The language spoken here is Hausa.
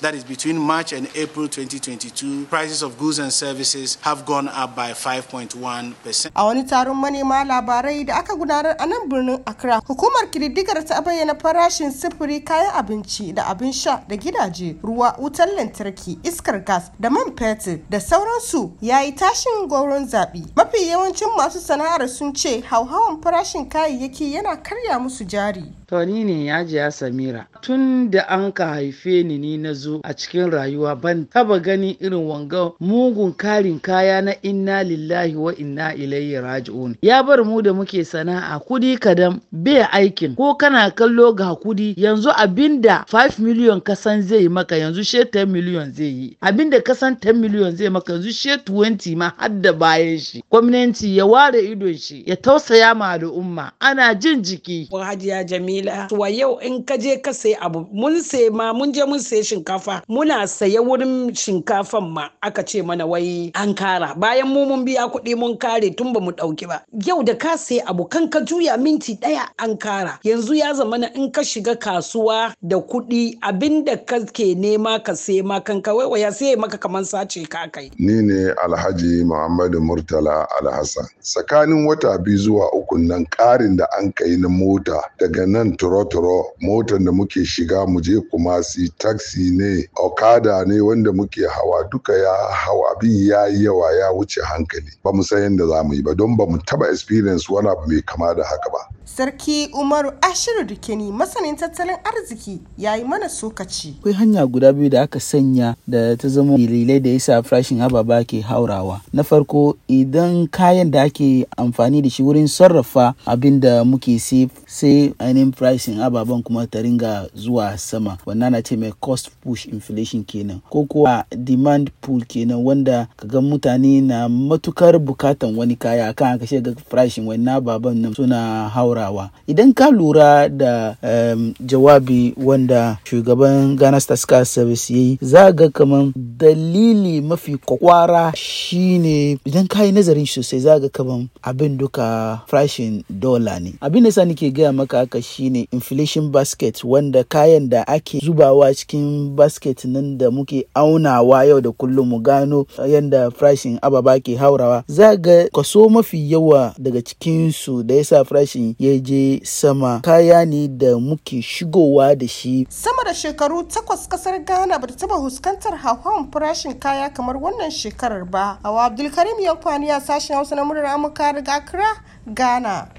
that is between March and April 2022, prices of goods and services have gone up by 5.1%. A wani taron manema labarai da aka gudanar a nan birnin Accra, hukumar kididdigar ta bayyana farashin sufuri kayan abinci da abin sha da gidaje, ruwa, wutar lantarki, iskar gas da man fetur da sauransu ya yi tashin gauron zaɓi. Mafi yawancin masu sana'ar sun ce hauhawan farashin kayayyaki yana karya musu jari. ne ya ji ya Samira. Tun da an ka haife ni ni na zo yanzu a cikin rayuwa ban taba gani irin wanga mugun karin kaya na inna lillahi wa inna ilaihi raji'un ya bar mu da muke sana'a kudi kadam bai aikin ko kana kallo ga kudi yanzu abinda 5 million kasan zai maka yanzu she 10 million zai yi abinda kasan 10 million zai maka yanzu she 20 ma har da bayan shi gwamnati ya ware idon shi ya tausaya ma al'umma ana jin jiki hajiya jamila to yau in ka je ka sai abu mun sai ma mun je mun sai shinkafa shinkafa muna saya wurin shinkafan ma aka ce mana wai an kara bayan mu mun biya kuɗi mun kare tun ba mu ɗauki ba yau da ka sayi abu kan ka juya minti ɗaya an kara yanzu ya zama na in ka shiga kasuwa da kuɗi abinda ka ke nema ka sai ma kan ka ya sai maka kamar sace ka kai. Ni ne Alhaji Muhammadu Murtala Alhassan. Tsakanin wata biyu zuwa uku nan ƙarin da an kai na mota daga nan turo-turo motan da muke shiga mu je kumasi taxi ne okada ne wanda muke hawa duka ya hawa abin ya yi yawa ya wuce hankali ba mu san yadda za mu yi ba don ba mu taba experience wani abu mai kama da haka ba Sarki Umaru Ashiru Dukeni masanin tattalin arziki ya yi mana sokaci. Akwai hanya guda biyu da aka sanya da ta zama dalilai da yasa farashin ababa ke haurawa. Na farko idan kayan da ake amfani da shi wurin sarrafa abin da muke sai sai ainihin farashin ababen kuma ta ringa zuwa sama. Wannan na ce mai cost push inflation kenan ko kuwa demand pull kenan wanda ka ga mutane na matukar bukatan wani kaya akan aka shiga farashin wannan ababen nan suna haura turawa idan ka lura da um, jawabi wanda shugaban ghana stars service ya yi za ga kamar dalili mafi kwakwara shine idan ka yi nazarin shi sosai zaga kaman abin duka farashin dola ne abin da sa ke gaya maka haka shine inflation basket wanda kayan da ake zubawa cikin basket nan da muke aunawa yau da kullum mu gano yadda farashin ababa ke haurawa za ga kaso mafi yawa daga cikin su da yasa farashin ya je sama kaya ne da muke shigowa da shi sama da shekaru takwas kasar ghana ba ta taba huskantar hauhawan farashin kaya kamar wannan shekarar ba. Hawa Abdulkarim ya Yankwani a sashen Hausa na murar Amurka daga Accra, Ghana.